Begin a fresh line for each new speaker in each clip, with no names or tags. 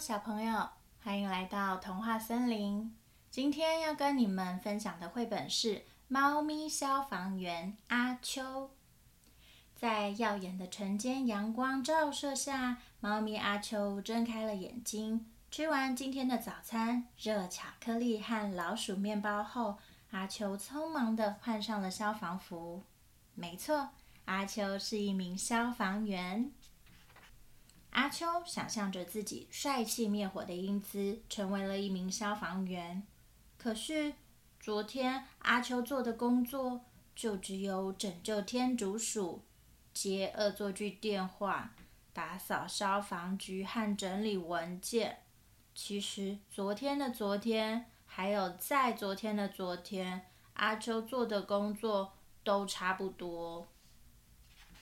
小朋友，歡迎來到童話森林。今天要跟你們分享的繪本是《貓咪消防員阿秋》。在耀眼的晨間陽光照射下，貓咪阿秋睜開了眼睛。吃完今天的早餐——熱巧克力和老鼠麵包後，阿秋匆忙地換上了消防服。沒錯，阿秋是一名消防員。阿秋想象着自己帥氣滅火的英姿，成為了一名消防員。可是，昨天阿秋做的工作就只有拯救天竺鼠、接惡作劇電話、打掃消防局和整理文件。其實，昨天的昨天，還有在昨天的昨天，阿秋做的工作都差不多。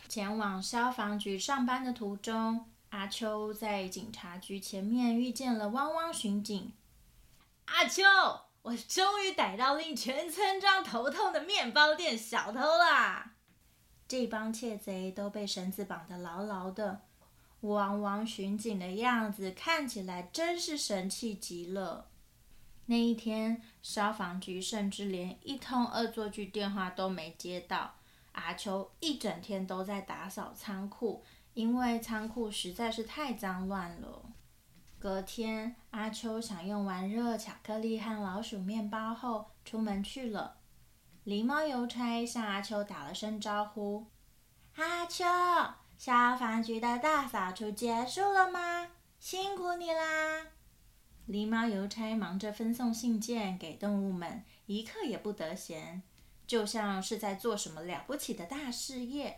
前往消防局上班的途中，阿秋在警察局前面遇見了汪汪巡警。阿秋，我終於逮到令全村莊頭痛的麵包店小偷啦！這幫竊賊都被繩子綁得牢牢的。汪汪巡警的樣子看起來真是神氣極了。那一天，消防局甚至連一通惡作劇電話都沒接到。阿秋一整天都在打掃倉庫。因為倉庫實在是太髒亂了。隔天，阿秋享用完熱巧克力和老鼠麵包後，出門去了。狸貓郵差向阿秋打了聲招呼：“阿秋，消防局的大掃除結束了嗎？辛苦你啦！”狸貓郵差忙着分送信件給動物們，一刻也不得閒，就像是在做什麼了不起的大事業。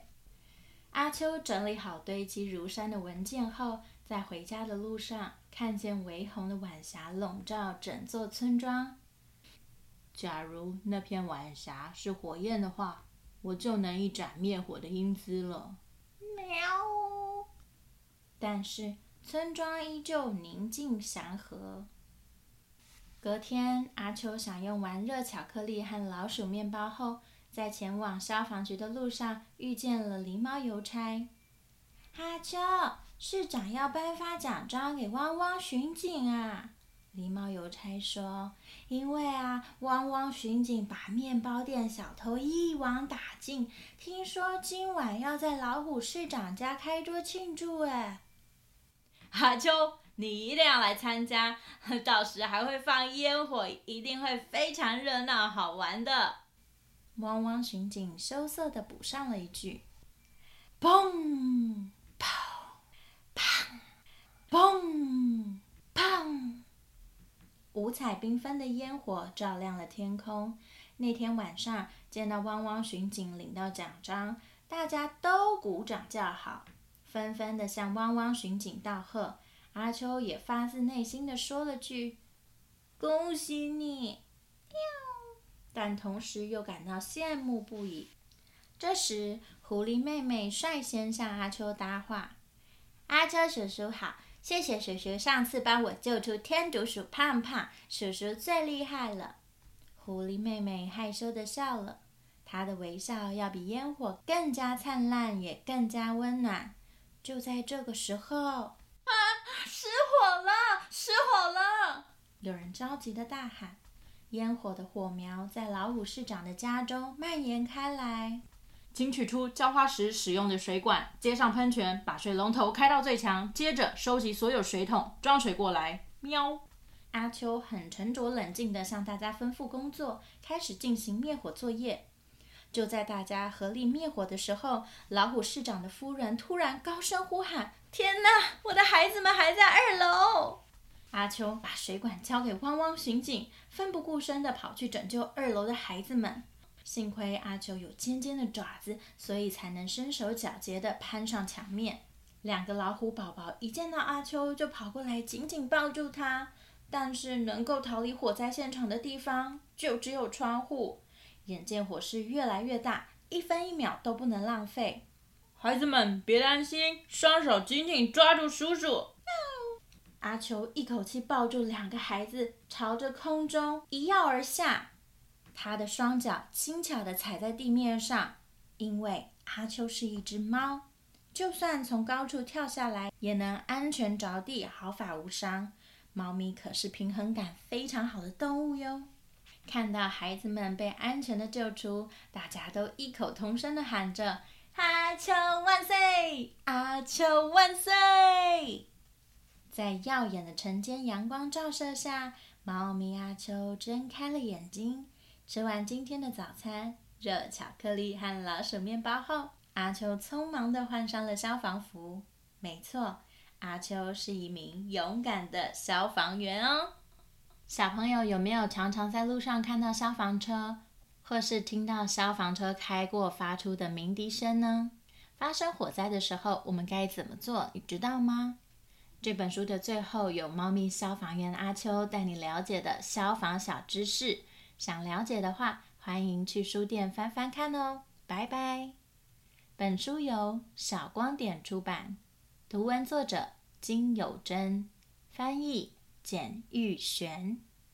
阿秋整理好堆積如山的文件後，在回家的路上看見微紅的晚霞籠罩整座村莊。假如那片晚霞是火焰的話，我就能一展滅火的英姿了。喵。但是村莊依舊寧靜祥和。隔天，阿秋享用完熱巧克力和老鼠麵包後。在前往消防局的路上，遇見了狸貓郵差。阿秋，市長要頒發獎章給汪汪巡警啊！狸貓郵差說：“因為啊，汪汪巡警把麵包店小偷一網打盡。聽說今晚要在老虎市長家開桌慶祝，哎，阿秋，你一定要來參加，到時還會放煙火，一定會非常熱鬧好玩的。”汪汪巡警羞澀地補上了一句：“砰，砰，砰，砰，砰。”五彩繽紛的煙火照亮了天空。那天晚上，見到汪汪巡警領到獎章，大家都鼓掌叫好，紛紛地向汪汪巡警道賀。阿秋也發自內心的說了句：“恭喜你。”但同時又感到羨慕不已。這時，狐狸妹妹率先向阿秋搭話：“阿秋叔叔好，謝謝叔叔上次幫我救出天竺鼠胖胖，叔叔最厲害了。”狐狸妹妹害羞地笑了，她的微笑要比煙火更加燦爛，也更加溫暖。就在這個時候，啊，失火了！失火了！有人着急地大喊。煙火的火苗在老虎市長的家中蔓延開來。請取出澆花時使用的水管，接上噴泉，把水龍頭開到最強。接着收集所有水桶，裝水過來。喵。阿秋很沉着冷靜地向大家吩咐工作，開始進行滅火作業。就在大家合力滅火的時候，老虎市長的夫人突然高聲呼喊：“天哪，我的孩子們還在二樓！”阿秋把水管交給汪汪巡警，奮不顧身地跑去拯救二樓的孩子們。幸虧阿秋有尖尖的爪子，所以才能身手矯捷地攀上牆面。兩個老虎寶寶一見到阿秋就跑過來，緊緊抱住他。但是能夠逃離火災現場的地方就只有窗戶。眼見火勢越來越大，一分一秒都不能浪費。孩子們，別擔心，雙手緊緊抓住叔叔。阿秋一口氣抱住兩個孩子，朝着空中一躍而下。他的雙腳輕巧地踩在地面上，因為阿秋是一隻貓，就算從高處跳下來也能安全着地，毫髮無傷。貓咪可是平衡感非常好的動物喲。看到孩子們被安全地救出，大家都異口同聲地喊着：“阿秋萬歲！阿秋萬歲！”在耀眼的晨間陽光照射下，貓咪阿秋睜開了眼睛。吃完今天的早餐——熱巧克力和老鼠麵包後，阿秋匆忙地換上了消防服。沒錯，阿秋是一名勇敢的消防員哦。小朋友有沒有常常在路上看到消防車，或是聽到消防車開過發出的鳴笛聲呢？發生火災的時候，我們該怎麼做？你知道嗎？這本書的最後有貓咪消防員阿秋帶你了解的消防小知識，想了解的話，歡迎去書店翻翻看哦。拜拜。本書由小光點出版，圖文作者金有珍，翻譯簡毓璇。